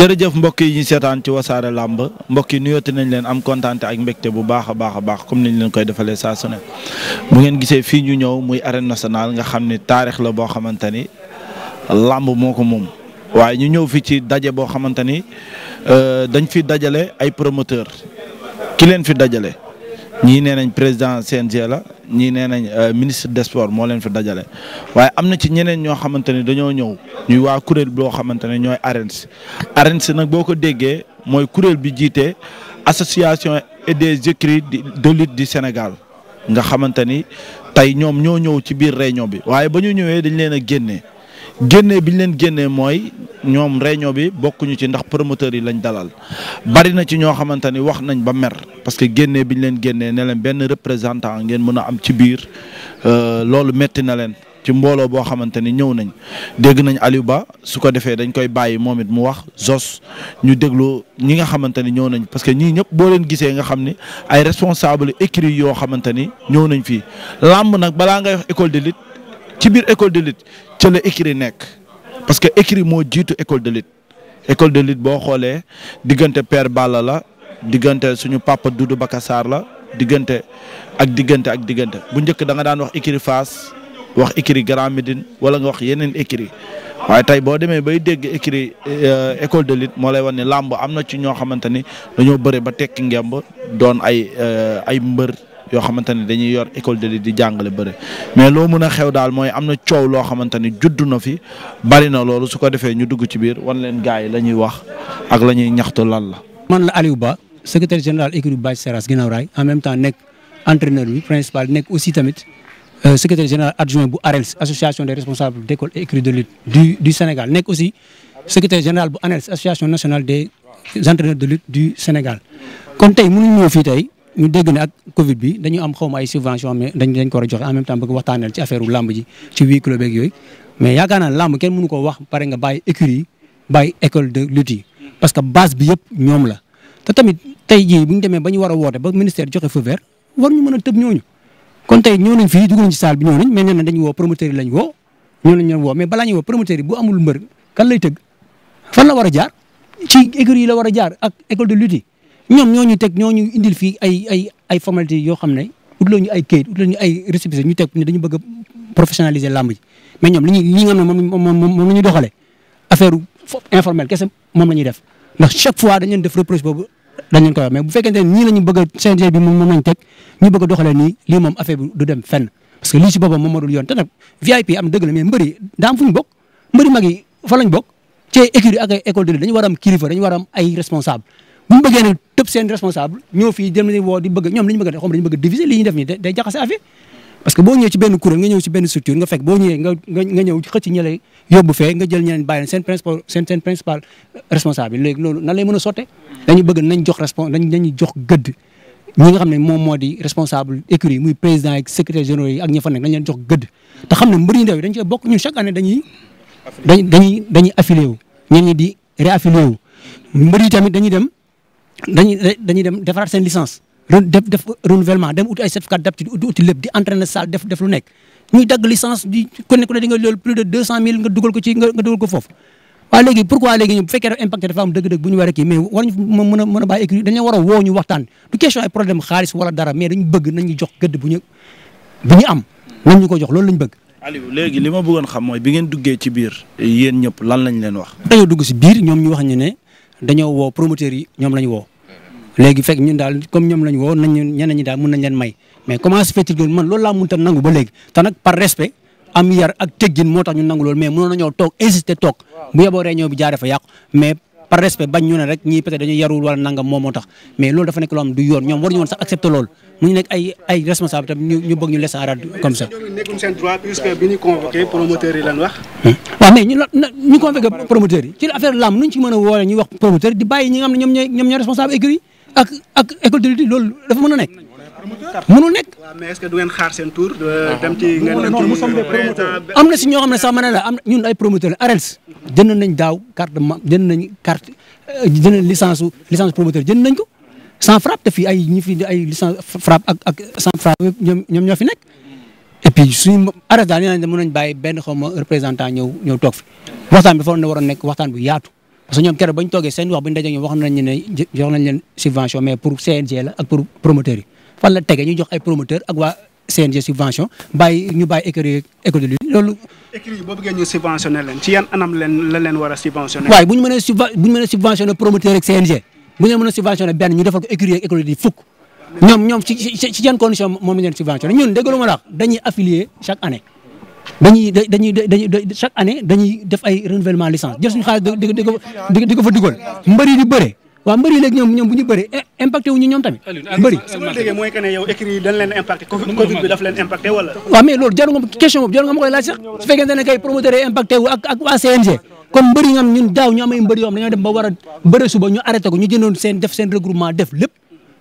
jërëjëf mbokk yi ñu seetaan ci wasaare làmb mbokki yi nuyooti nañ leen am kontaante ak mbégte bu baax a baax a baax comme niñ leen koy defalee saa su ne bu ngeen gisee fii ñu ñëw muy arène nationale nga xam ni taarix la boo xamante ni làmb moo ko moom waaye ñu ñëw fii ci daje boo xamante ni euh, dañ fi dajale ay promoteur ki leen fi dajale ñii nee nañ président CNG la ñii nee nañ euh, ministre des sports moo leen fi dajale waaye am na ci ñeneen ñoo xamante ne dañoo ñëw ñuy waa kuréel boo xamante ne ñooy ARENS ARENS nag boo ko déggee mooy kuréel bi jiitee association et des écuries de lutte du Sénégal nga xamante ni tey ñoom ñoo ñëw ci biir réunion bi waaye ba ñu ñëwee dañ leen a génnee. génnee bi ñu leen génnee mooy ñoom réunion bi bokkuñu ci ndax promoteurs yi lañ dalal bari na ci ñoo xamante ni wax nañ ba mer parce que génne bi ñu leen génnee ne leen benn représentant ngeen mën a am ci biir euh, loolu metti na leen ci mbooloo boo xamante ni ñëw nañ dégg nañ Aliou Ba su ko defee dañ koy bàyyi moom it mu wax Zos ñu déglu ñi nga xamante ni ñëw nañ parce que ñii ñëpp boo leen gisee nga xam ni ay responsable écrits yoo xamante ni ñëw nañ fii làmb ci biir école de lutte ca la nekk parce que écurie moo jiitu école de lutte école de lutte boo xoolee diggante per Balla la diggante suñu papa Doudou Bakassar la diggante ak diggante ak diggante bu njëkk da nga daan wax écurie fas wax écurie Grand Médine wala nga wax yeneen écurie waaye tey boo demee bay dégg écurie euh, école de lutte moo lay wan ne làmb am na ci ñoo xamante ni dañoo bëri ba tekki ngemb doon ay euh, ay mbër. yoo xamante ne dañuy yor école de lutte di jàngale bëre mais loo mën a xew daal mooy am na coow loo xamante ni juddu na fi bari na loolu su ko defee ñu dugg ci biir wan leen gars yi la ñuy wax ak la ñuy ñaxtu lan la. man la Aliou Ba secrétaire général bu Bathie Seras Guinaw Rail en même temps nekk entraîneur bi principal nekk aussi tamit euh, secrétaire général adjoint bu ARELS association des responsables d'école et écurie de lutte du du Sénégal nekk aussi secrétaire général bu ANELS association nationale des entraîneurs de lutte du Sénégal ñu dégg ne ak Covid bi dañu am xaw ma ay subvention mais dañ dañ ko war a joxe en même temps bëgg waxtaanal ci affaire làmb ji ci huis clos beeg yooyu mais yaakaar naa làmb kenn mënu ko wax pare nga bàyyi écurie bàyyi école de lutte parce que base bi yëpp ñoom la te tamit tey jii bu ñu demee ba ñu war a woote ba ministère joxe feu vert war ñu mën a tëb ñooñu kon tey ñoo nañ fii nañ ci salle bi ñoo nañ mais nee na woo promoteur yi woo ñoo woo mais balaa ñuy woo promoteur bu amul la war a jaar ci yi la war a jaar ak école ñoom ñoo ñu teg ñoo ñu indil fii ay ay ay formalité yoo xam ne utloo ñu ay kayit utloo ñu ay récépissé ñu teg ñu dañu bëgg a professionnaliser làmb ji mais ñoom li ñuy li nga xam ne moom moom moom la ñu doxalee affaire informelle kese moom ñuy def ndax chaque fois dañu leen def reproche boobu dañ leen koy wax mais bu fekkente ne nii la ñu bëgg a CNG bi moom lañ a doxalee nii lii moom affaire bi du dem fenn parce que lii si boppam moom moo dul yoon te nag VIP am dëgg la mais fu ñu bokk mbëri mag yi fa lañ bokk ci a am war a ay responsable bu ñu bëggee nag tëb seen responsable ñoo fii dem nañu woo di bëgg ñoom li ñu bëgg a def xam dañu bëgg a diviser li ñuy def nii day jaxase affaire parce que boo ñëwee ci benn kuréel nga ñëw ci benn structure nga fekk boo ñëwee nga nga ñëw xëcc ñi lay yóbbu fee nga jël ñeneen bàyyi seen principal seen seen a sotte nga xam ne moom moo di responsable écurie muy président ak secrétaire généraux yi ak ñi fa nekk dañ leen jox gëdd te xam ne mbër yi ndaw yi dañ ci dañuy dañuy wu ñenn ñi di réaffilié wu mbër yi tamit dem dañuy dañuy dem defaraat seen licence def def renouvellement dem uti ay di uti lépp salle def lu nekk ñuy dagg licence di ku ne di nga loolu plus de deux cent ko ci léegi pourquoi fekkee dafa impacté dafa am dëgg-dëgg bu ñu war a mais waruñu mën a mën a bàyyi écrit dañu war a woo ñu waxtaan du question ay problème xaalis wala dara mais dañu bëgg nañu jox gëdd bu ñu am nañ ñu jox loolu lañu bëgg Aliou léegi li ma bëggoon xam mooy bi ngeen duggee ci biir yéen ñëpp lan lañ leen wax dañoo dugg si biir ñoom ñu wax ñu ne dañoo woo promoteurs yi ñoom lañu léegi fekk ñun daal comme ñoom lañ woo nañ ñeneen ñi daal mën nañ leen may mais comment se fait-il man loolu laa mënut a nangu ba léegi te nag par respect am yar ak teggin moo tax ñu nangu loolu mais mënoon nañoo toog insister toog bu yeboo réunion bi jaaree fa yàqu mais par respect bañ ñu ne rek ñii peut-être dañuy yarul wala nangam moom moo tax mais loolu dafa nekk loo xam du yoon ñoom waruñu woon sax accepter loolu mu ñu nekk ay ay responsable tam ñu ñu bëgg ñu laisser arrêt comme ça. nekkum seen droit puisque bi ñu convoqué promoteur yi lan wax. waaw mais ñu ñu convoqué promoteur yi ci affaire lamb nu ñu ci mën a woolee ñuy wax promoteur di bàyyi ñi nga xam ne ñoom ñooy ñoom ñooy responsable écurie ak ak école de lutte loolu dafa mën a nekk. mënul nekk. waaw mais est xaar seen tour. Euh, am na si ñoo xam ne sax ma ne la am ñun ay promoteur la AREELS. jënd nañ daaw carte ma jënd nañ carte euh, jënd nañ licence su licence promoteur jënd nañ ko. sans frappe te fii ay ñi ay licence frappe ak ak sans frappe ñoom ñoom ñoo fi nekk. et puis suñu AREELS daal nee nañ mën nañ bàyyi benn xaw ma représentant ñëw ñëw toog fi waxtaan bi fa na war a nekk waxtaan bi yaatu. parce que ñoom keroog bañ toogee seen wax buñ daje ñoom wax nañ ne jox nañ subvention mais pour CNG la ak pour promoteurs yi fan la tege ñu jox ay promoteur ak waa CNG subvention bàyyi ñu bàyyi écurie école de lutte loolu. écurie yi boo bëggee ñu a subventionné. waaye bu ñu mënee subven bu ñu mënee subventionné promoteur ak CNG bu ñu leen mën a ñoom ñoom ci ci yan condition moom la ñu leen subventionné ñun lu ma la dañuy affilier chaque année. dañuy dañuy dañuy chaque année dañuy def ay renouvellement licence jël suñu xaalis di ko di ko fa dugal mbëri di bëre waaw mbëri léegi ñoom ñoom bu ñu bëree eh, impacté wu ñu ñoom tamit mbëri mooy que ne yow écrit yi dañ leen impacté covid bi daf leen impacté wala waaw mais loolu jaru nga question boobu jaru nga ma koy laaj sax su fekkente ne kay promoteur yi impacté wu ak ak waa CNG kon mbëri yi nga xam ñun daaw ñu am ay mbëri yoo xam dañoo dem ba war a bëre suba ñu arrêté ko ñu jëndoon seen def seen regroupement def lépp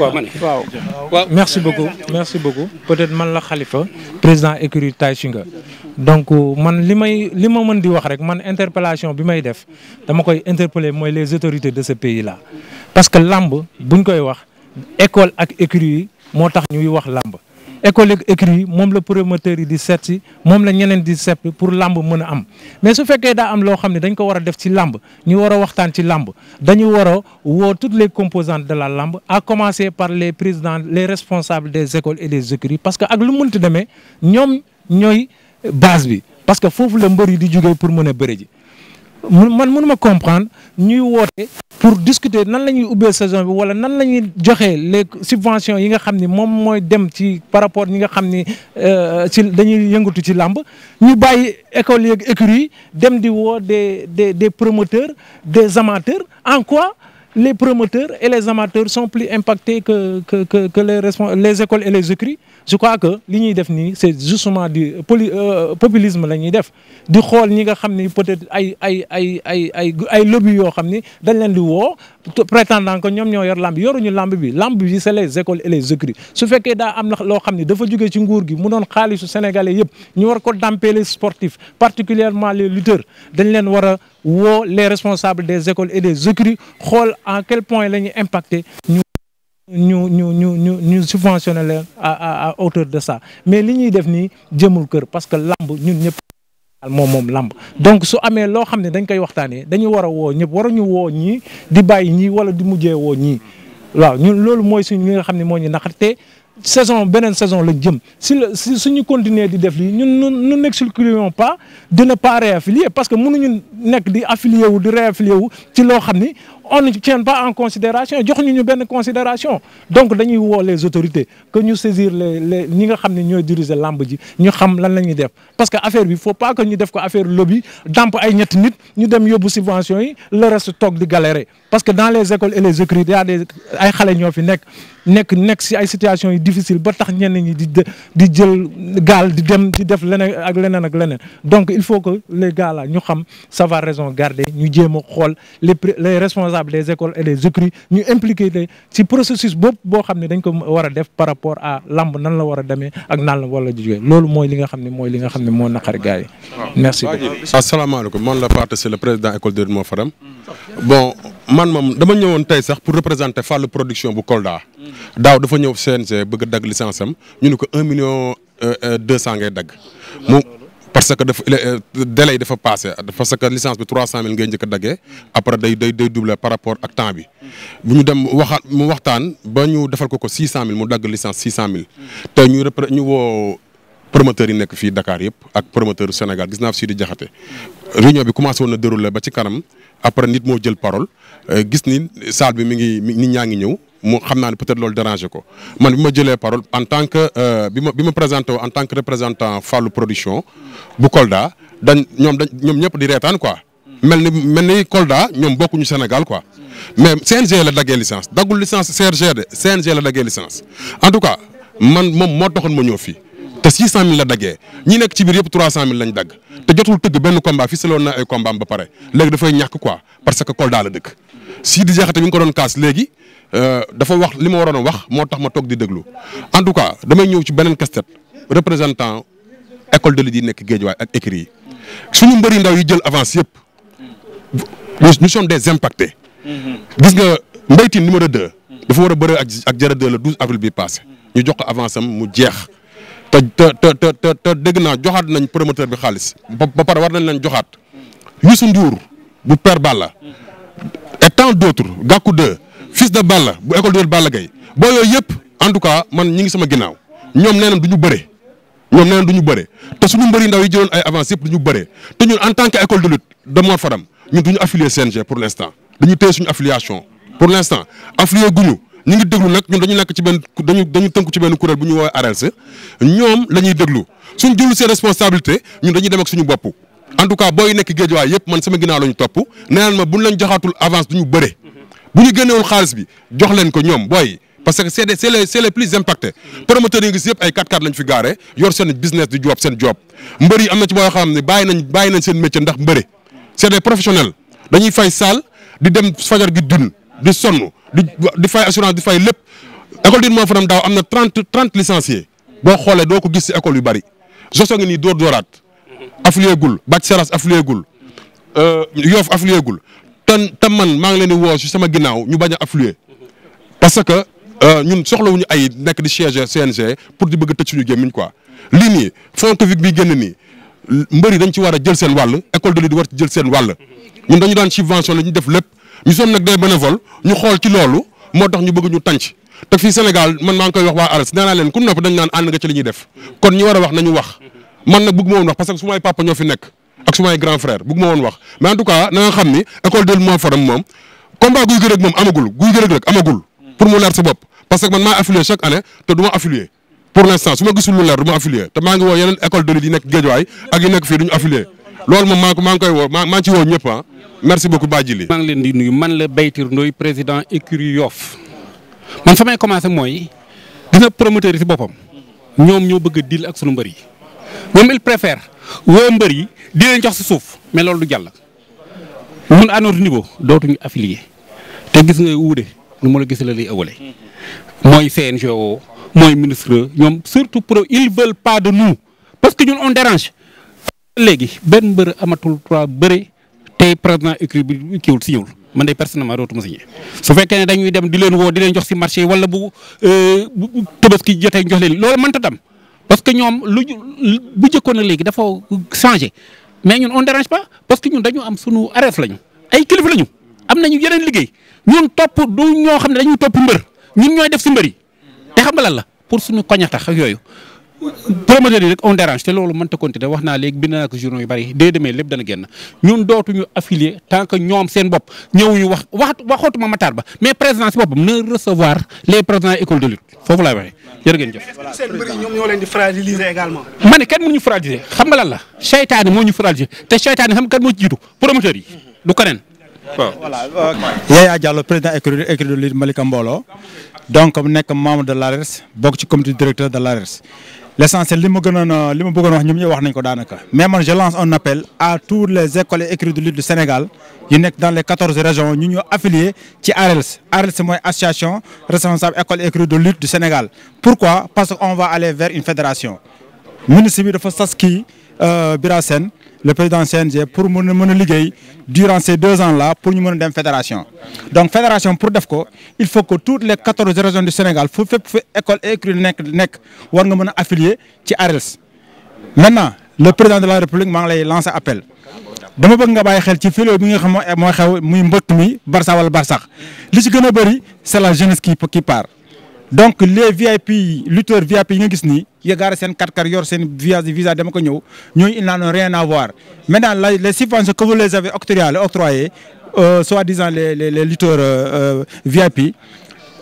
waaw waaw waaw merci beaucoup merci beaucoup peut-être man la xalifa président écurie Tay Shinga donc man li may li ma mën di wax rek man interpellation bi may def dama koy interpeller mooy les autorités de ce pays là parce que làmb buñ koy wax école ak écurie yi moo tax ñuy wax làmb école écrit moom la promoteur yi di seet si moom la ñeneen di seet pour làmb mën am mais su fekkee daa am loo xam ne dañ ko war a def ci làmb ñu war a waxtaan ci làmb dañu war a woo toutes les composantes de la lamb à commencer par les présidents les responsables des écoles et des écuries parce que ak lu mënti demee ñoom ñooy base bi parce que foofu la mbër yi di jógee pour mën a bëre ji man mënuma comprendre ñuy woote pour discuter nan la ñuy ubbee saison bi wala nan la ñuy joxee les subventions yi nga xam ni moom mooy dem ci par rapport ñi nga xam ni euh, ci dañuy yëngatu ci làmb ñu bàyyi école yeeg écurie dem di woo des des des promoteurs des amateurs en quoi les promoteurs et les amateurs sont plus impactés que que que, que les les écoles et les écuries je crois que li ñuy def nii c'est justement du poli euh, populisme la ñuy def di xool ñi nga xam ni peut-être ay ay ay ay ay ay lobby yoo xam ni dañ leen di woo prétendant que ñoom ñoo yor lamb yoruñu lamb bi lamb bi c'est les écoles et les écuries su fekkee daa am na loo xam ne dafa jógee ci nguur gi mu doon xaalisu sénégalais yëpp ñu war ko damper les sportifs particulièrement les lutteurs dañ leen war wo les responsables des écoles et des écuries xool en quel point la ñu impacté ñu ñu ñu ñu ñu ñu subventionné leen à à de ça mais li ñuy def nii jëmul kër parce que lamb ñu ñëpp moom moom làmb donc su amee loo xam ne dañ koy waxtaanee dañu war a woo ñëpp waruñu woo ñi di bàyyi ñii wala di mujjee woo ñii waaw ñun loolu mooy suñ li nga xam ni moo ñu naqar te saison beneen saison lañ jëm si la si suñu continuer di def lii ñun nous n'excluons pas de ne pas réaffilier parce que mënuñu nekk di affilier wu di réaffilier wu ci loo xam ni on ne tient pas en considération joxuñu ñu benn considération donc dañuy woo les autorités que ñu saisir les les ñi nga xam ne ñooy diriger lamb ji ñu xam lan la ñuy def parce que affaire bi faut pas que ñu def ko affaire lobby damp ay ñetti nit ñu dem yóbbu subvention yi le reste toog di galérer parce que dans les écoles et les écrits y a ay xale ñoo fi nekk nekk nekk si ay situation yu difficile ba tax ñenn ñi di di jël gaal di dem di def leneen ak leneen ak leneen donc il faut que les gars ñu xam savoir raison garder jéem a xool responsables des écoles et des écuries ñu impliqué leen ci boobu boo xam ne dañ ko war a def par rapport à lamb nan la war a demee ak nan la war a jugee loolu mooy li nga xam ni mooy li nga xam ne moo naqari gars yi. merci beaucoup. asalaamaaleykum man la Pathé c'est le président école de Mo Fadam bon man moom dama ñëwoon tey sax pour représenter Fall production bu Kolda. daaw dafa ñëw CNG bëgg a dagg licence am ñu ni ko un million euh, euh, deux cent ngay dagg. parce que dafa euh, délai dafa passé parce que licence bi 300000 ngay njëkk a daggee après day day day par rapport ak temps bi bu ñu dem waxaat mu waxtaan ba ñu defal ko ko 600000 mu dagg licence 600000 te ñu repre ñu woo promoteurs yi nekk fii Dakar yëpp ak promoteur Sénégal gis naa di Sidi Diakhaté réunion bi commencé woon na déroulé ba ci kanam après nit moo jël parole euh, gis ni salle bi mi ngi nit ñaa ngi ñëw. mu xam naa ne peut-être loolu dérangé ko man bi ma jëlee parole en tant que euh, bi ma bi ma présenté en tant que représentant Fallou production bu Kolda dañ ñoom dañ ñoom ñëpp di reetaan quoi. mel ni mel ni Kolda ñoom ñu Sénégal quoi mais CNG la daggee licence daggul licence CRG de CNG la daggee licence en tout cas man moom moo taxoon ma ñëw fii. te 600000 la daggee ñi nekk ci biir yëpp 300000 lañ dagg te jotul tëgg benn combat fii saloon na ay combat ba pare léegi ñàkk quoi parce que Kolda la dëkk. Sidi Diakhaté ngi ko doon kaas léegi Euh, dafa wax li ma waroon a wax moo tax ma toog di déglu en tout cas damay ñëw ci beneen casse-tête représentant école de lutte yi nekk Guédiawaye ak écurie yi suñu mbëri ndaw yi jël avance yëpp nous sommes des impactés. gis nga mbaytin numéro 2. dafa war a bëre ak ak Diarra 2 le 12 avril bi passé ñu jox ko avance am mu jeex te te te te te naa joxaat nañ promoteur bi xaalis ba pare war nañ leen joxaat Youssou Ndour bu Père Balla et tant d'autres Gakou 2 fils de Balla bu école de Balla Gaye boo yooyu yëpp en tout cas man ñi ngi sama ginnaaw ñoom nee nañ du ñu bëre ñoom nee nañ ñu bëre te suñu mbëri ndaw yi jëloon ay avance yëpp du ñu bëre te ñun en tant que école de lutte de Mor Fadam ñun du ñu affilié CNG pour l' instant dañu téye suñu pour l' instant affilié ñu ngi déglu nag ñun dañu nekk ci benn dañu dañu tënku ci benn kuréel bu ñu woowee ARLC ñoom la ñuy déglu suñ jëlu seen responsabilité ñun dañuy dem ak suñu bopp en tout cas booy nekk géej waay yëpp man sama ginnaaw la ñu topp nee nañ lañ joxaatul avance ñu bëre bu ñu génnewul xaalis bi jox leen ko ñoom booy parce que c'est c'est les c'est les plus impactés promoteurs yi ngi si yëpp ay 4x4 fi gaare yor seen business di job seen job mbër yi am na ci boo xam ne bàyyi nañ bàyyi nañ seen métier ndax mbëre c'est des professionnels dañuy fay saal di dem fajar gi dun di sonn di di fay assurance di fay lépp école din moo fanam daaw am na trente trente licenciés boo xoolee doo ko gis si école yu bëri joso ngi nii dóor dóoraat affilié gul bàcc seras affilié gul euh, yoof affilié gul tan tam man maa ngi leen di woo sama ginnaaw ñu bañ a affluer parce que euh, ñun soxlawuñu ay nekk di siège CNG pour di bëgg a tëj suñu gémmiñ quoi lii nii fond Covid bi génn nii mbër yi ci war a jël seen wàll école de lutte war ci jël seen wàll ñun dañu daan subvention la def lépp ñu soon nag day bénévole ñu xool ci loolu moo tax ñu bëgg ñu tànc te fii Sénégal man maa ngi koy wax waa ARS nee naa leen ku noppi dañ naan ànd nga ci li def kon ñi war a wax nañu wax ak sumay grand frère bëgg ma wax mais en tout cas na xam ni école de moo faram moom combat guy gërëg moom amagul guy gërëg rek amagul pour mu leer sa bopp parce que man maa affilié chaque année te du ma affilié pour l'instant su ma gisul lu leer du ma affilié te maa ngi woo yeneen école de lutte nekk Guédiawaye ak yi nekk fii du ñu affilié loolu moom maa ngi koy woo maa ngi ci woo ñëpp ah merci beaucoup Badjili. maa ngi leen di nuyu man a deal moom il préfère woo mbër yi di leen jox si suuf mais loolu du jàll. ñun à notre niveau dootuñu affilié te gis nga wuude nu ma la gis la lay ëwale mooy CNG woo mooy ministre ñoom surtout pro ils veulent pas de nous parce que ñun on dérange. léegi benn mbër amatul trois bëre tey président écrit bi kiiwul si ñëwul man de personnellement dootuma signé su fekkee ne dañuy dem di leen woo di leen jox si marché wala bu euh, Tabaski jotee jox leen loolu mënta tam parce que ñoom lu bu jëkkoon léegi dafa changé mais ñun on dérange pas parce que ñun dañu am sunu areef lañu ay kilifa ñu am nañu yeneen liggéey ñun topp du ñoo xam ne dañuy topp mbër ñun ñooy def si mbër te xam nga la pour suñu koñatax ak yooyu promoteurs yi rek on a te loolu mënta continuer wax naa léegi bind naa ko journaux yu bari dès demain lépp dana génn ñun président école de lutte Malika Mbolo donc nekk membre de l'ARES bokk ci comité directeur de l'ARES l'essentiel li ma gënoon li ma bëggoon wax ñoom ñëpp wax nañ ko daanaka mais man je lance un appel à tous les écoles et écuries de lutte du Sénégal yu dans les quatorze régions ñu ñu affilié ci ARELS ARELS mooy association responsable école et écurie de lutte du Sénégal pourquoi parce que on va aller vers une fédération ministre bi dafa sas euh, le président CNG pour mën a mën a liggéey durant ces deux ans là pour ñu mën a dem fédération donc fédération pour def ko il faut que toutes les quatorze régions du Sénégal fu fépp fu école et nekk war nga mën a affilier ci ARELS. maintenant le président de la république maa lay lancer appel dama bëgg nga bàyyi xel ci fléau bi xew muy mbëkk mi Barça wala Barsax li ci gën a c'est la jeunesse qui part. donc les VIP lutteurs VIP yi nga gis nii ya gaare seen kàrkar yor seen visa visa dama ko ñëw ñooy ils a ont rien à voir maintenant la les subventions que vous les avez octroyées octroyées euh, soi-disant les les les lutteurs euh, VIP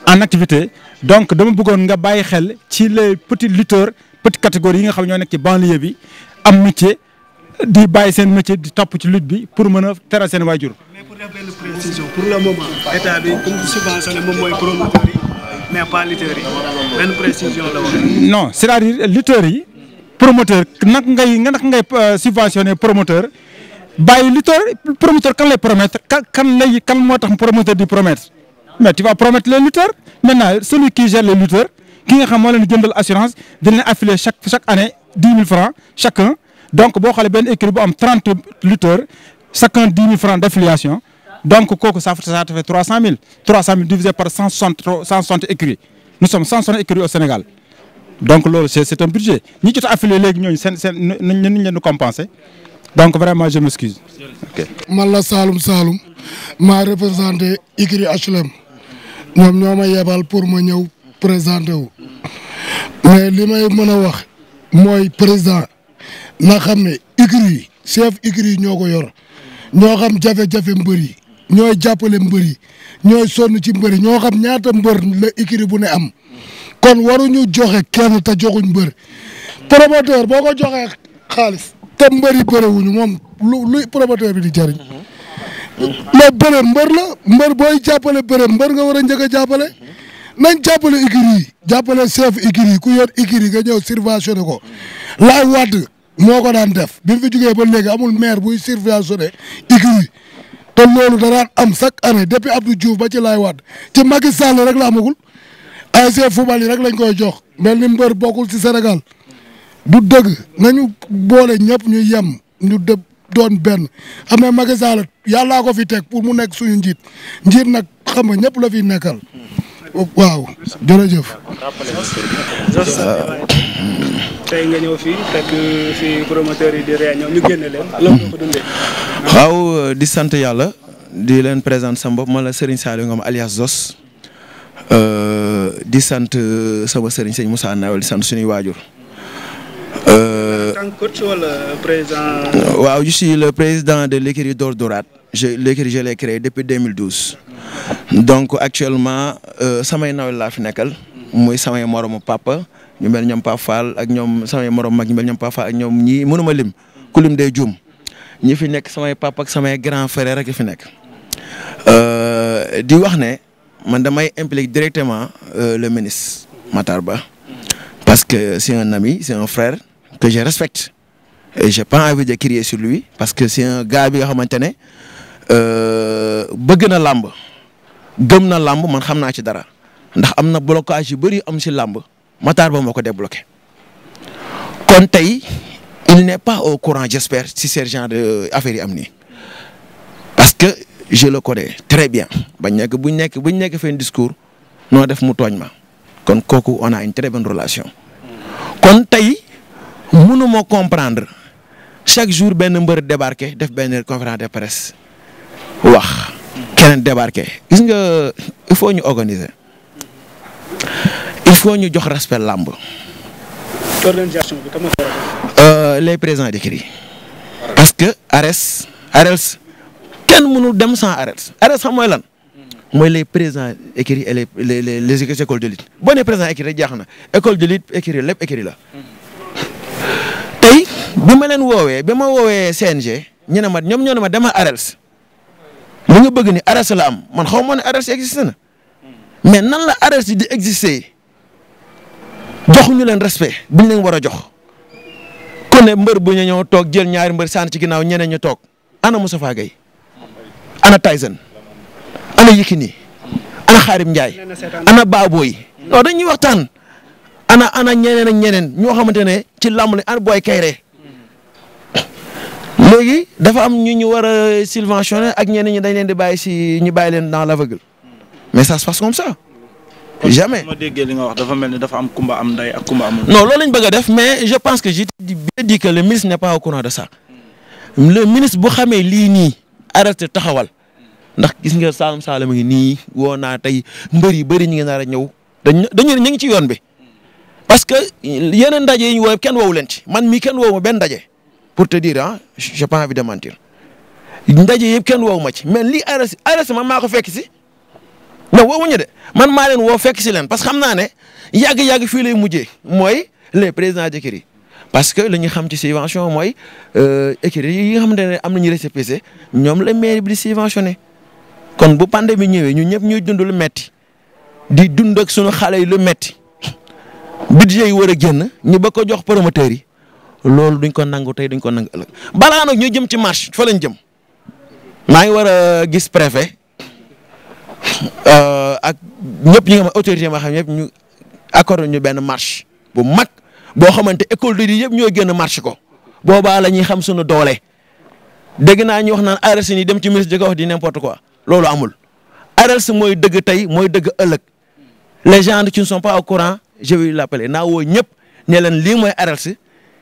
en activité donc dama buggoon nga bàyyi xel ci les petits lutteurs petites catégories yi nga xam ñoo nekk ci banlieue bi am métier di bàyyi seen métier di topp ci lutte bi pour mën a seen waajur. mais pour def mais pas lutteurs yi benn précision la wax. non c'est-à-dire lutteurs yi promoteur nak ngay nak ngay euh, subventionné promoteur bàyyi lutteur promoteur kan lay promettre kan kan kan moo tax promoteur di promettre mais tu vas promettre les lutteurs maintenant celui qui gère les lutteurs ki nga xam moo leen jëndal assurance dina leen affilier chaque chaque année dix mille francs chacun donc boo xoolee benn équipe bu am trente lutteurs chacun dix mille francs d'affiliation donc kooku ça fait ça fait trois cent mille trois cent mille divisé par cent soixante cent soixante écuries nous sommes cent au Sénégal donc loolu c' est un budget ñi jot a affilié léegi ñooñu seen seen nañ leen leen donc vraiment je m' excuse. ok man la Saloum Saloum maa représenté écurie HLM ñoom ñoo ma yebal pour ma ñëw présenté wo mais li may mën a wax mooy président na xam ne écurie yi chef yi ñoo ko yor ñoo xam jafe-jafe mbër yi ñooy jàppale mbër yi ñooy sonn ci mbër yi ñoo xam ñaata mbër la écurie bu ne am kon waruñu joxe kenn te joxuñ mbër promoteur boo ko joxe xaalis te mbër yi bëriwuñu moom lu luy promoteur bi di jëriñ mais bëre mbër la mbër booy jàppale bëre mbër nga war a njëkk a jàppale nañ jàppale écurie yi jàppale chef écurie ku yor écurie yi nga ñëw subventionné ko laay wàdd moo ko daan def bi mu fi jugee ba léegi amul maire buy subventionné écurie yi te loolu danaan am chaque année depuis Abdou Diouf ba ci Laay Wade ci Macky Sall rek la amagul ASC football yi rek lañ koy jox mel ni mbër bokkul ci senegal du dëgg nañu boole ñëpp ñu yem ñu dëb doon benn xam ne Macky Sall yàllaa ko fi teg pour mu nekk suñu njiit njiit nag xam nga ñëpp la fiy nekkal waaw jërëjëf euh, tey nga ñëw fii fi promoteur di réunion ñu génne leen. waaw di sant yàlla di leen présenter sama bopp man la Serigne Saliou Ngom alias Zos euh, di sant euh, sama Serigne sëñ Moussa Nawel di sant suñuy waajur. en euh, coach wala président. waaw je suis le président de l'écurie Dóor Dóoraat je l'écurie je l'ai créé depuis 2012 donc actuellement samay nawel laa fi nekkal. muy samay moromu papa. ñu mel ñoom Pape Fall ak ñoom samay morom mag ñu mel ñoom Pape Fall ak ñoom ñii mënuma lim ku lim day juum ñi fi nekk samay papa ak samay grand frère rek fi nekk euh, di wax ne man damay impliquer directement euh, le ministre Matar Ba parce que c'est un ami c'est un frère que je respecte et j'ai pas envie de sur lui parce que c'est un gars bi nga xamante ne euh, bëgg na làmb gëm na làmb man xam naa ci dara ndax am na blocage yu bëri am si làmb Matar Ba moo ko débloqué kon tey il n'est pas au courant j'espère si ce de affaire yi am nii parce que je le connais très bien bañ nekk buñ nekk buñ nekk feen discours noo def mu tooñ ma kon kooku on a une très bonne relation kon tey mënuma comprendre chaque jour benn mbër débarqué def benn conférence de presse wax keneen débarqué nga il faut ñu organiser il faut ñu jox respect làmb. organisation bi kan la euh, les parce que Ares Ares kenn mënul dem sans Ares Ares xam mooy lan. mooy les président écurie et les les les les écoles de lutte boo nee président écurie rek jaax école de lutte écurie lépp écurie la. tey bi ma leen woowee bi ma woowe CNG ñu ne ma ñoom ñoo ne ma dama bëgg ni Ares la am man xaw ma ne existe na mais nan la Ares di exister joxuñu leen respect biñ leen war a jox kon ne mbër bu ñu ñëw toog jël ñaari mbër sànni ci ginnaaw ñeneen ñu toog ana Moustapha Gueye ana Tyson ana Yékini ana Xaarim Ndiaye ana Baboy non dañuy waxtaan ana ana ñeneen ñeneen ñoo xamante ne ci làmb la ana Boy Kayre léegi dafa am ñu ñu war a subventionné ak ñeneen ñi dañ leen di bàyyi si ñu bàyyi leen dans l'aveugle mais ça se passe comme ça. jamais ma déggee li nga wax dafa mel ni dafa am kumba am nday ak kumba amul. non loolu lañ bëgg a def mais je pense que j'ai bien dit le ministre n'est pas au courant de ça le ministre boo xamee lii nii arrêté taxawal ndax gis nga Saalum Saalum ngi nii woo naa tey mbër yi bëri ñu ngi nar a ñëw dañu dañu ñu ngi ci yoon bi parce que yeneen ndaje yi ñu wooyee kenn woowu leen ci man mii kenn woowu ma benn ndaje pour te dire ah j'ai pas envie de mentir ndaje yëpp kenn wow ma ci mais lii arrêté arrêté ma fekk si. non woowuñu de man maa leen woo fekk si leen parce que xam naa ne yàgg-yàgg fii lay mujjee mooy les présidents d'écurie parce que li ñu xam ci subvention mooy euh, écurie yi nga xamante ne am nañu récépissé ñoom la mairie bi di subventionné kon bu pandémie ñëwee ñun ñëpp ñuy dund lu metti di dund ak sunu xale yi lu metti budget yi war a génn ñu ba ko jox promoteurs yi loolu duñ ko nangu tey duñ ko nangu ëllëg balaa nag ñu jëm ci marche fa lañ jëm maa ngi war a gis préfet Euh, ak ñëpp ñu nga xam autorité ma xam ñu accordé benn marche bu mag boo xamante école de yëpp ñoo génn marche ko boobaa la ñuy xam suñu doole dégg naa ñu wax naan ARS yi dem ci ministre di ko wax di n'importe quoi loolu amul ARS mooy dëgg tey mooy dëgg ëllëg les gens qui ne sont pas au courant je vais naa woo ñëpp ne leen lii mooy ARS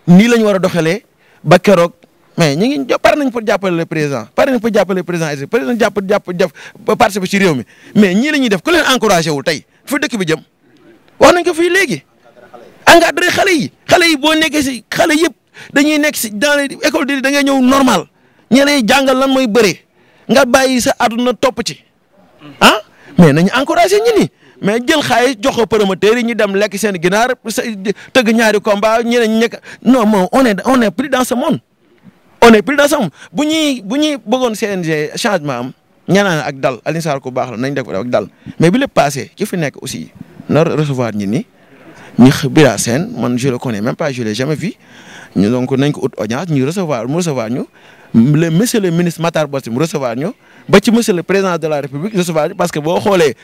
nii la ñu war a doxalee ba keroog mais ñu ngi pare nañ pour jàppale le président pare nañ pour jàppale président est président jàpp jàpp jàpp participer mi mais ñii la ñuy def ku leen encouragé wul tey fu dëkk bi jëm wax nañ ko fii léegi encadré xale yi xale yi boo nekkee si xale yëpp dañuy nekk si dans les école de da ngay ñëw normal ñi yi jàngal lan mooy bëre nga bàyyi sa àdduna topp ci ah mais nañu encouragé ñi ni mais jël xaalis jox ko promoteurs yi ñu dem lekk seen ginaar tëgg ñaari combat ñeneen ñi nekk non moom on est on est plus dans se monde on est plus dans bu ñuy bu ñuy bëggoon CNG changement am ñaanaan ak dal Alioune Sarr ku baax la nañ def ak dal mais bi lépp passé fi nekk aussi na recevoir nit ñi ñu Bira Sène man je le connais même pas je l'ai jamais vu ñu donc nañ ko ut audience ñu recevoir mu recevoir ñu le monsieur le ministre Matar Bossi mu recevoir ñu ba ci le président de la république recevoir ñu parce que boo xoolee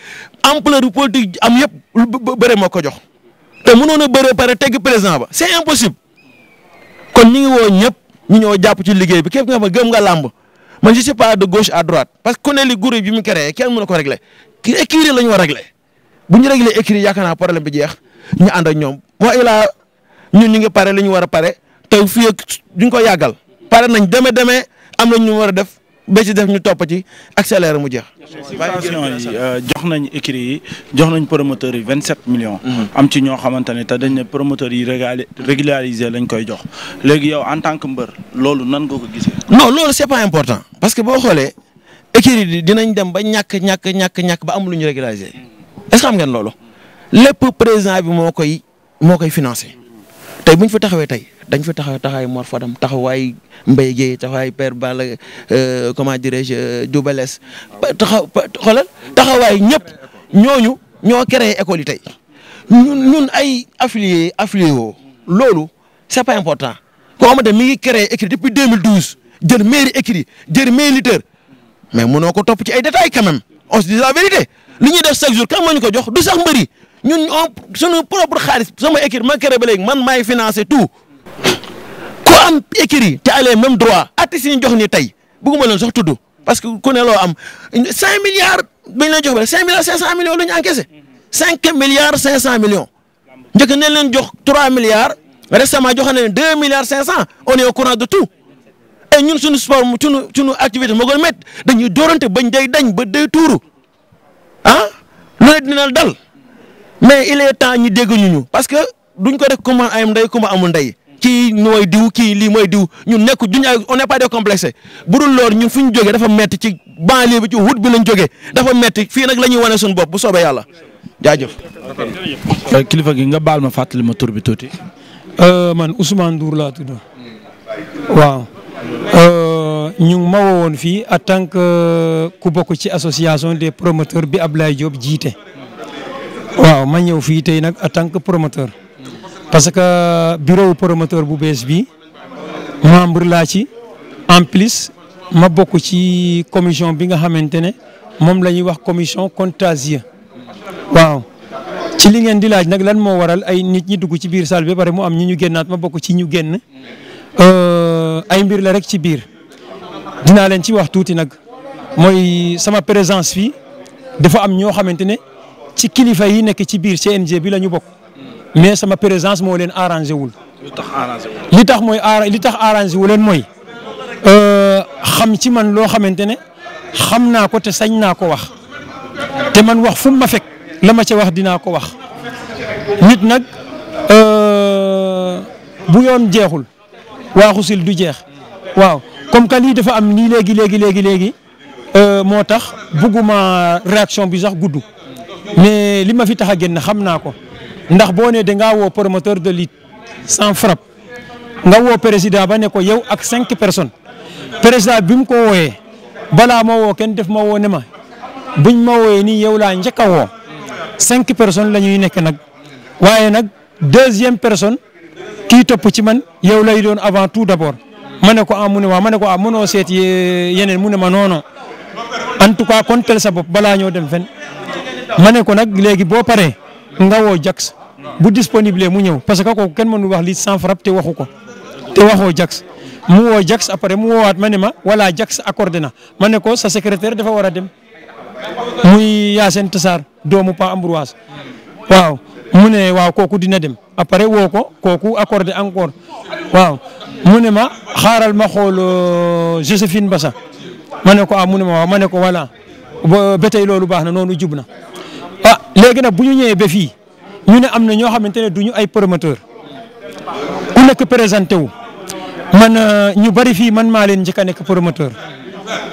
ampleur du politique am yëpp lu bëre moo ko jox te mënoon a bëre pare tegg président ba c'est impossible kon ñu woo ñëpp ñu ñëw jàpp ci liggéey bi képp nga xam ne gëm nga làmb man je suis de gauche à parce que ku ne li groupe bi mu créé kenn mënu ko régler kii écurie la ñu war a régler bu ñu régler écurie yaakaar naa problème bi jeex ñu ànd ak moo ilaa ñun ñu ngi pare li ñu a pare te fii ak ko yàggal pare nañ demee demee am na ñu def ba ci def ñu topp ci accéléré mu jeex. Euh, jox nañ écrit yi jox nañ promoteurs yi vingt sept million mhm. am ci ñoo xamante ne te dañ ne promoteurs yi régularisé lañ koy jox léegi yow en tant que mbër loolu nan nga ko gisee. non loolu c'est pas important parce que boo xoolee écrit dinañ dem ba ñàkk ñàkk ñàkk ñàkk ba am lu ñu régularisé est-ce que xam ngeen loolu lépp président bi moo koy moo koy financé tey buñ ñu taxawee tey dañ fi taxaw taxawaay Mor Fadam taxawaay Mbaye Guèye taxawaay Père Balla euh, comment dirais-je euh, Doubales taxaw xoolal taxawaay ñëpp ñooñu ñoo créé école yi tey ñun ñun ay affilié affilié woo loolu c'est pas important koo xamante mi ngi créé écrit depuis 2012 jël mairie écrit jël mairie lutteur mais mënoo ko topp ci ay détails quand même on se la vérité li ñuy def chaque jour kan moo ñu ko jox du sax mbëri ñun on suñu propre xaalis sama équipe ma créé ba léegi man maay financé tout am écrit te a les mêmes droits artistes jox ni tey bëgguma leen sox tudd parce que ku ne loo am cinq milliards bañ leen jox ba cinq milliards cinq cent millions la ñu encaissé cinq milliards cinq cent njëkk nañ leen jox trois milliards récemment joxe nañ deux milliards cinq cent on est au courant de tout et ñun suñu sport suñu suñu activité moo gën a métti dañuy dóorante bañ day dañ ba day tuuru ah loolu dina dal mais il est temps ñu dégg ñu parce que duñ ko def comment ayam ndey comment amul ndey. kii mooy diw kii lii mooy diw ñun nekk duñ ay on n'est pas décomplexé bu dul loolu ñun fu ñu jógee dafa metti ci banlieue bi ci wut bi lañ jógee dafa metti fii nag la ñuy wane suñu bopp bu soobee yàlla jaajëf. Euh, kilifa gi nga baal ma fàttali ma tur bi tuuti. Euh, man Ousmane Ndour laatu tudd waaw euh, ñu ngi ma woon fii en tant que ku bokk ci association des promoteurs bi Ablaye Diop jiite waaw ma ñëw fii tey nag en tant que promoteur. parce que bureau promoteur bu bees bi membre laa ci en plus ma bokk ci commission bi nga xamante ne moom la ñuy wax commission contagieux waaw ci li ngeen di laaj nag lan moo waral ay nit ñi dugg ci biir salle bi pare mu am ñi ñu génnaat ma bokk ci ñu génn euh, ay mbir la rek ci biir dinaa leen ci wax tuuti nag mooy sama présence fii dafa am ñoo xamante ne ci kilifa yi nekk ci biir CNG bi la ñu bokk. mais sama présence moo leen arrangé wul. li tax arrangé wul li tax mooy li tax arrangé wu leen mooy euh, xam ci man loo xamante ne xam naa ko te sañ naa ko wax te man wax fu ma fekk la ma ci wax dinaa ko wax nit nag euh, bu yoon jeexul waaxu sil du jeex waaw comme que lii dafa am nii léegi léegi léegi léegi euh, moo tax bugguma réaction bi sax gudd mais li ma fi tax a génn xam naa ko. ndax boo ne dangaa woo promoteur de lutte sans frappe nga woo président ba ne ko yow ak cinq personnes président bi mu ko wooyee balaa ma woo kenn def ma woo ne ma buñ ma wooyee nii yow laa njëkk a woo cinq personnes la ñuy nekk nag waaye nag deuxième personne kii topp ci man yow lay doon avant tout d'abord ma ne ko ah mu ne waa ma ne ko ah mënoo seet yeneen mu ne ma non non en tout cas kon tel sa bopp balaa ñoo dem fen ma ne ko nag léegi boo paree nga woo Jax bu disponible mu ñëw parce que kooku kenn mënu wax lii sans frappe te waxu te waxoo Jax mu woo Jax après mu woowaat ma ne ma voilà Jax accordé na ma ne ko sa secrétaire dafa war a dem muy Yacine Tassar doomu Pa Ambroise waaw mu ne waaw kooku dina dem après woo ko kooku accordé encore waaw mu ne ma xaaral ma xool euh, Josephine Bassa ma ne ko ah mu ne ma waaw ma ne ko voilà ba tey loolu baax na noonu jub na ah léegi nag bu ñu ñëwee ba fii ñu ne am na ñoo xamante ne du ñu ay promoteur ku nekk présenté wu man euh, ñu bari fii man maa leen njëkk a nekk promoteur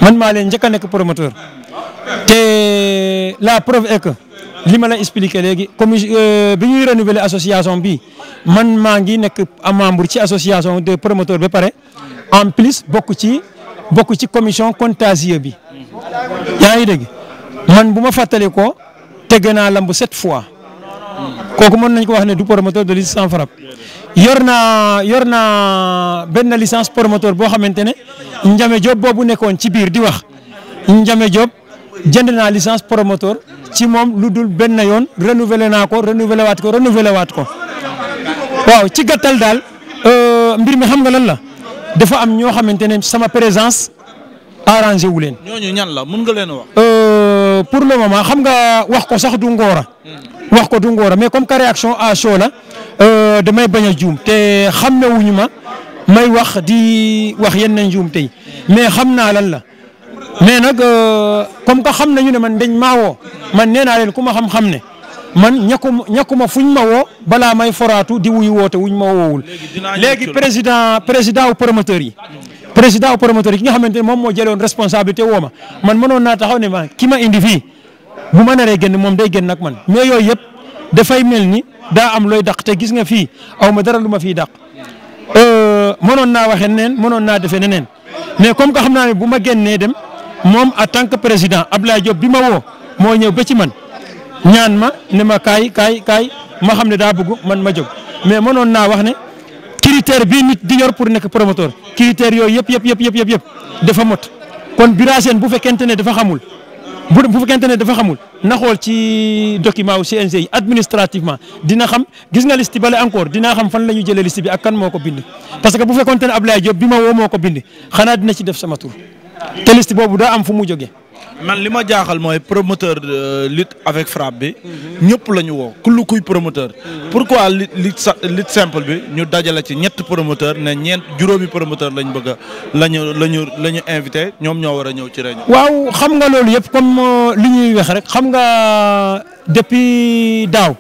man maa leen njëkk a nekk promoteur te la preuve est que li ma la expliqué léegi comme euh, bi ñuy renouveler association bi man maa ngi nekk membre ci association de promoteurs ba pare en plus bokk ci bokk ci commission contagieuse bi yaa ngi dégg man bu ma ko tegg naa lamb sept fois. kooku mën nañ ko wax ne du promoteur de lutte sans frappe yor naa yor naa benn licence promoteur boo xamante ne Ndiame Diop boobu nekkoon ci biir di wax njame Diop jënd naa licence promoteur ci moom lu dul benn yoon renouveler naa ko renouveler waat ko renouveler waat ko waaw ci gattal daal euh, mbir mi xam nga lan la dafa am ñoo xamante ne sama présence arrangé wu leen. ñooñu ñan la nga leen wax. Euh, pour le moment xam nga wax ko sax du ngóora. Hmm. wax ko du ngóora mais comme que réaction à chaud la euh, damay bañ a juum te xam ne wuñu ma mais wax di wax yenn njuum tey mais xam naa lan la mais nag euh, comme que xam nañu ne man dañ maa woo man nee naa leen ku ma xam-xam ne man ñàkkuma ñàkkuma fuñ ma woo balaa may foraatu di wuyu woote wuñ ma woowul. léegi président président u promoteur yi. président u promoteur yi ki nga xamante ne moom moo jëloon responsabilité woo ma man mënoon naa taxaw ne ma ki ma indi fii. bu ma naree génn moom day génn ak man mais yooyu yëpp dafay mel ni daa am looy dàq te gis nga fii aw ma dara lu ma fiy dàq euh, mënoon naa waxee neneen mënoon naa defee neneen mais comme que xam naa ne bu ma génnee dem moom en tant que président Abdoulaye Diop bi ma wo moo ñëw ba ci man ñaan ma ne ma kaay kaay ma xam ne daa bëgg man ma jóg mais mënoon naa wax ne critère bi nit di yor pour nekk promoteur critère yooyu yëpp yëpp yëpp yëpp yëpp dafa mot kon Bira bu fekkente ne dafa xamul. bu bu fekkente ne dafa xamul na xool ci document wu CNG yi administrativement dina xam gis nga liste bale encore dinaa xam fan la ñu jëlee liste bi ak kan moo ko bind. parce que bu fekkonte ne Ablaye Diop bi ma woo moo ko bind xanaa dina ci def samatur tur te liste boobu daa am fu mu jógee. man li ma jaaxal mooy promoteur lutte avec frappe bi. ñëpp la ñu woo kullu kuy promoteur. pourquoi lutte sa lutte simple bi ñu dajale ci ñett promoteur ne ñeent juróomi promoteur lañ bëgg a lañu lañu la ñu invité ñoom ñoo war a ñëw ci réunion. waaw xam nga loolu yëpp comme euh, li ñuy wax rek xam nga depuis daaw.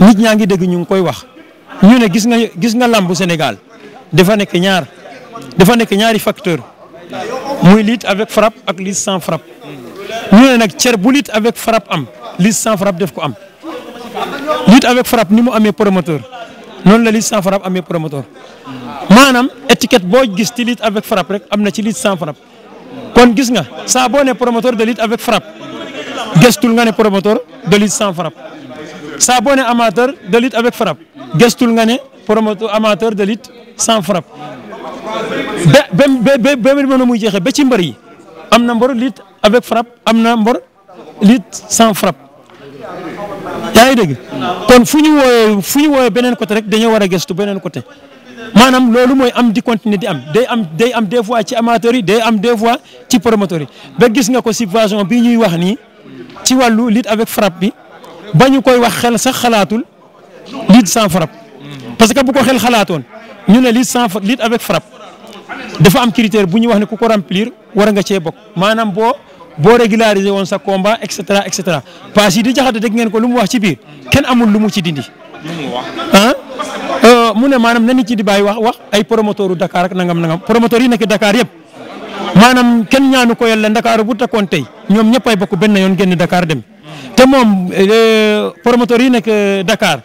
nit ñaa ngi dégg ñu ngi koy wax. ñu ne gis nga gis nga làmbu Sénégal dafa nekk ñaar dafa nekk ñaari fakteur muy lutte avec frappe ak lutte sans frappe ñu ne nag cer bu lutte avec frappe am lutte sans frappe def ko am lutte avec frappe ni mu amee promoteur noonu la lutte sans frappe amee promoteur maanaam étiquette boo gis ci lutte avec frappe rek am na ci lutte sans frappe kon gis nga saa boo ne promoteur de lutte avec frappe gestul nga ne promoteur de lutte sans frappe saa boo ne amateur de lutte avec frappe gestul nga ne promoteur amateur de lutte sans frappe ba ba ba mën a muy jeexee ba ci mbër yi am na mbor lutte avec frappe am na mbor lutte sans frappe yaa ngi dégg kon fu ñu wooyee fu ñu wooyee beneen côté rek dañoo war a gëstu beneen côté maanaam loolu mooy am di continuer di am day am day am des fois ci amateurs yi day am des fois ci promoteurs yi ba gis nga ko situation bi ñuy wax nii ci wàllu lutte avec frappe bi ba ñu koy wax xel sax xalaatul lutte sans frappe parce que bu ko xel xalaatoon ñu ne lutte sans lutte avec frappe dafa am critère bu ñuy wax ne ku ko remplir war nga cee bokk maanaam boo boo régulariser woon sa combat et cetera et cetera paas yi di jaxate dégg ngeen ko lu mu wax ci biir kenn amul lu mu ci dindi. ah mu ne maanaam na nit ñi di bàyyi wax wax ay promoteur u Dakar ak nangam nangam promoteur yi nekk dakaar yëpp maanaam kenn ñaanu ko yàlla Dakar bu takkoon tey ñoom ay bokk benn yoon génn Dakar dem te moom euh, promoteur yi nekk Dakar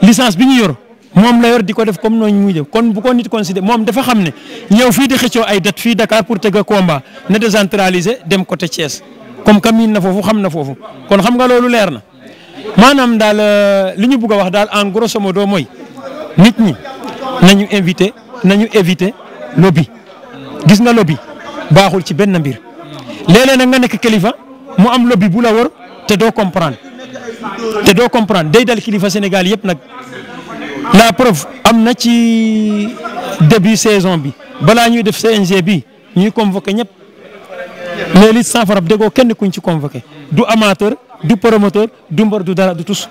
licence bi ñu yor. moom la yor di ko def comme noonu muy def kon bu ko nit considéré moom dafa xam ne ñëw fii di xëccoo ay date fii Dakar pour tëgg a combat na décentraliser dem côté Thiès comme que miin na foofu xam na foofu kon xam nga loolu leer na maanaam daal euh, li ñu bëgg a wax daal en grosso modo mooy nit ñi nañu invité nañu éviter lobby gis nga lobby baaxul ci benn mbir léeg-léeg nag nga nekk kilifa mu am lobby bu la wër te doo comprendre te doo comprendre day dal kilifa Sénégal yëpp nag. la preuve am na ci début saison bi balaa ñuy def CNG bi ñuy convoqué ñëpp mais li sans frappe déggoo kenn kuñ ci convoqué du amateur du promoteur du mbër du dara du tus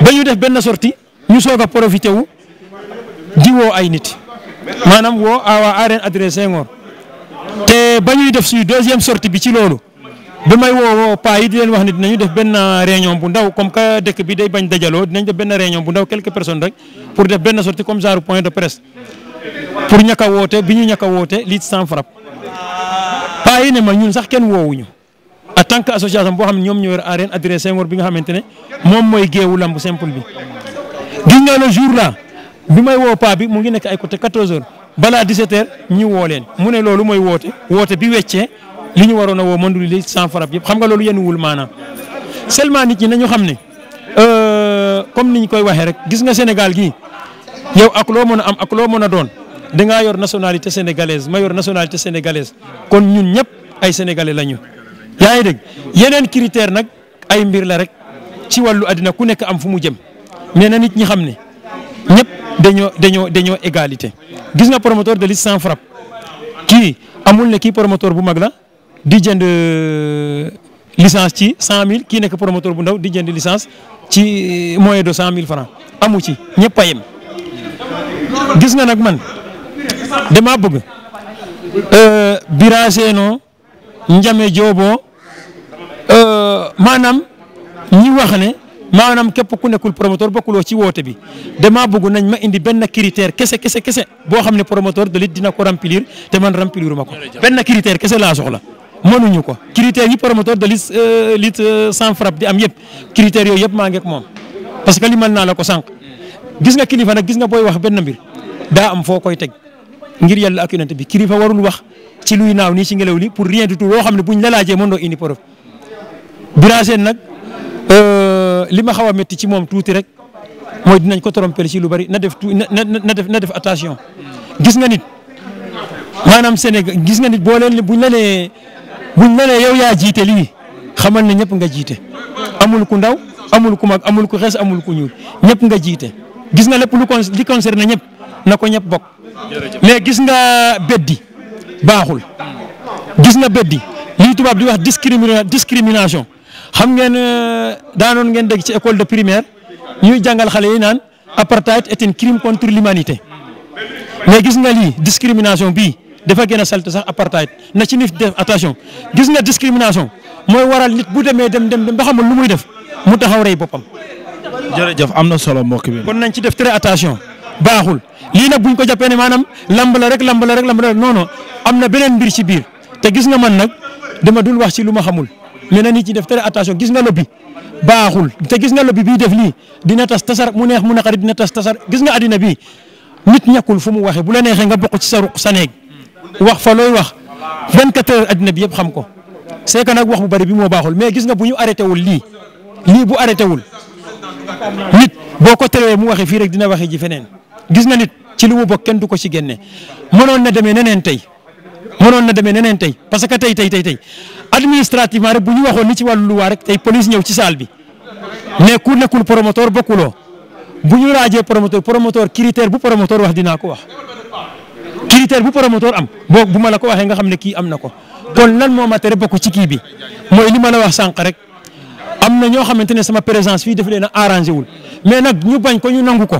ba def benn sorti ñu soog a profité wu di woo ay nit maanaam woo à waa arène adressé Ngor te ba def suñu deuxième sortie bi ci loolu. bi may woowoo paa yi di leen wax ne dinañu def benn réunion bu ndaw comme que dëkk bi day bañ dajaloo dinañ def benn réunion bu ndaw quelques personnes rek pour def benn sortie comme genre point de presse pour ñàkk a bi ñu ñàkk a woote lutte sans frappe paa yi ne ma ñun sax kenn woowuñu en tant que association boo xam ne ñoom ñoo yor arène adressé Senghor bi nga xamante ne moom mooy géewu lamb simple bi. gis nga le jour là bi may woo paa bi mu ngi nekk ay côté 14h balaa 17h ñu woo leen mu ne loolu mooy woote woote bi weccee. li ñu waroon a woo mëndu li sans frappe yëpp xam nga loolu yenn wul maanaam seulement nit ñi nañu xam ne euh, comme ni ñu koy waxee rek gis nga Sénégal gii yow ak loo mën a am ak loo mën a doon dangaa yor nationalité sénégalaise ma yor nationalité sénégalaise kon ñun ñëpp ay sénégalais lañu. yaa ngi dégg yeneen critère nag ay mbir la rek ci wàllu àddina ku nekk am fu mu jëm mais na nit ñi xam ne ñëpp dañoo dañoo dañoo égalité gis nga promoteur de lutte sans frappe kii amul ne kii promoteur bu mag la. di jënd euh, licence ci cent mille kii nekk promoteur bu ndaw di jënd licence ci euh, moyen de cent mille francs amu ci ñëpp a yem gis nga nag man dama bëgg euh, Bira no Njame Joobo maanaam ñi wax ne maanaam képp ku nekkul promoteur bokkuloo ci woote bi dama bëgg nañ ma indi benn critère kese kese kese boo xam ne promoteur de lutte dina ko remplir te man ma ko benn critère kese la laa la mënuñu ko critères yi promoteur de lutte euh, lutte euh, sans frappe di am yëpp critères yooyu yëpp maa ngi ak moom parce que li mën naa la ko sànq gis nga kilifa nag gis nga booy wax benn mbir daa am foo koy teg ngir yàlla ak yonent bi kilifa warul wax ci luy naaw nii ci ngelaw li pour rien du tout loo xam ne buñ la laajee mën doo indi preuve Biraseen nag euh, li ma xaw a métti ci moom tuuti rek mooy dinañ ko tromper ci lu bari na def tu na def na def attention gis nga nit maanaam Sénégal gis nga nit boo leen buñ la nee yow yaa jiite lii xamal ne ñëpp nga jiite amul ku ndaw amul ku mag amul ku xees amul ku ñuul ñëpp nga jiite gis nga lépp lu con li concerné ñëpp na ko ñëpp bokk. mais gis nga beddi baaxul gis nga beddi lii tubaab di wax discrimi discrimination xam ngeen euh, daanoon ngeen deg ci école de primaire ñuy jàngal xale yi naan apartheid est un crime contre l'humanité mais gis nga lii discrimination bii dafa gën a salte sax apartheid na ci nit def attention gis nga discrimination mooy waral nit bu demee dem dem ba xamul lu muy def mu taxaw rey boppam. jërëjëf am na solo mbokk bi. kon nañ ci def très attention baaxul lii nag buñ ko jàppee ne maanaam lamb rek lamb rek la rek non non am na beneen mbir ci biir te gis nga man nag dama dul wax ci lu ma xamul mais na nit ci def très attention gis nga lobby baaxul te gis nga lobby bii def lii dina tas tasar mu neex mu naqari dina tas tasar gis nga addina bi nit ñàkkul fu mu waxee bu la neexee nga bokk ci sa ruq sa néeg wax fa looy wax 24 heures addina bi yëpp xam ko c'est que wax bu bari bi moo baaxul mais gis nga bu ñu arrêté wul lii lii bu arrêté wul nit boo ko teree mu waxee fii rek dina waxee ji feneen gis nga nit ci lu mu bokk kenn du ko ci genne mënoon na demee neneen tey mënoon na demee neneen tey parce que tey tey tey tey administrativement rek bu ñu waxoon ni ci wàllu luwaa rek tey police ñëw ci salle bi mais ku nekkul promoteur bokkuloo bu ñu raajee promoteur promoteur critère bu promoteur wax dinaa ko wax. critère bu promoteur am boo bu ma la ko waxee nga xam ne kii am na ko kon lan moo ma tere bokk ci kii bi mooy li ma la wax sànq rek am na ñoo xamante ne sama présence fii def leen a arrangé wul mais nag ñu bañ ko ñu nangu ko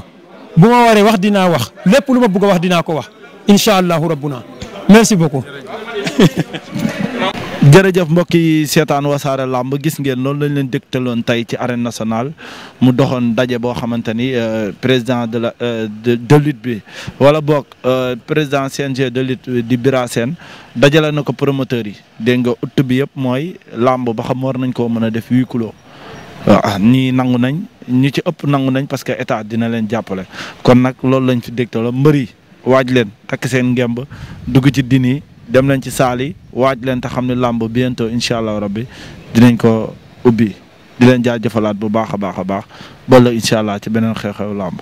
bu ma waree wax dinaa wax lépp lu ma bëgg a wax dinaa ko wax incha allahu rabbuna merci beaucoup jërëjëf mbokk yi seetaan wasaare làmb gis ngeen loolu lañ leen dégtaloon tey ci arène nationale mu doxoon daje boo xamante ni euh, président de la euh, de lutte bi wala boog euh, président CNG de lutte di Bira Sène dajale na ko promoteur yi dégg nga ut bi yëpp mooy lamb ba xam war nañ ko mën a def huis clos waaw ah, nangu nañ ñu ci ëpp nangu nañ parce que état dina leen jàppale kon nag loolu lañ fi dégtaloo mbër yi waaj leen takk seen ngemb dugg ci dini dem leen ci saal yi waaj leen te xam ne làmb bientôt incha allah rabbi dinañ ko ubbi di leen jaajëfalaat bu baax a baax a baax ba la incha allah ci beneen xew-xew làmb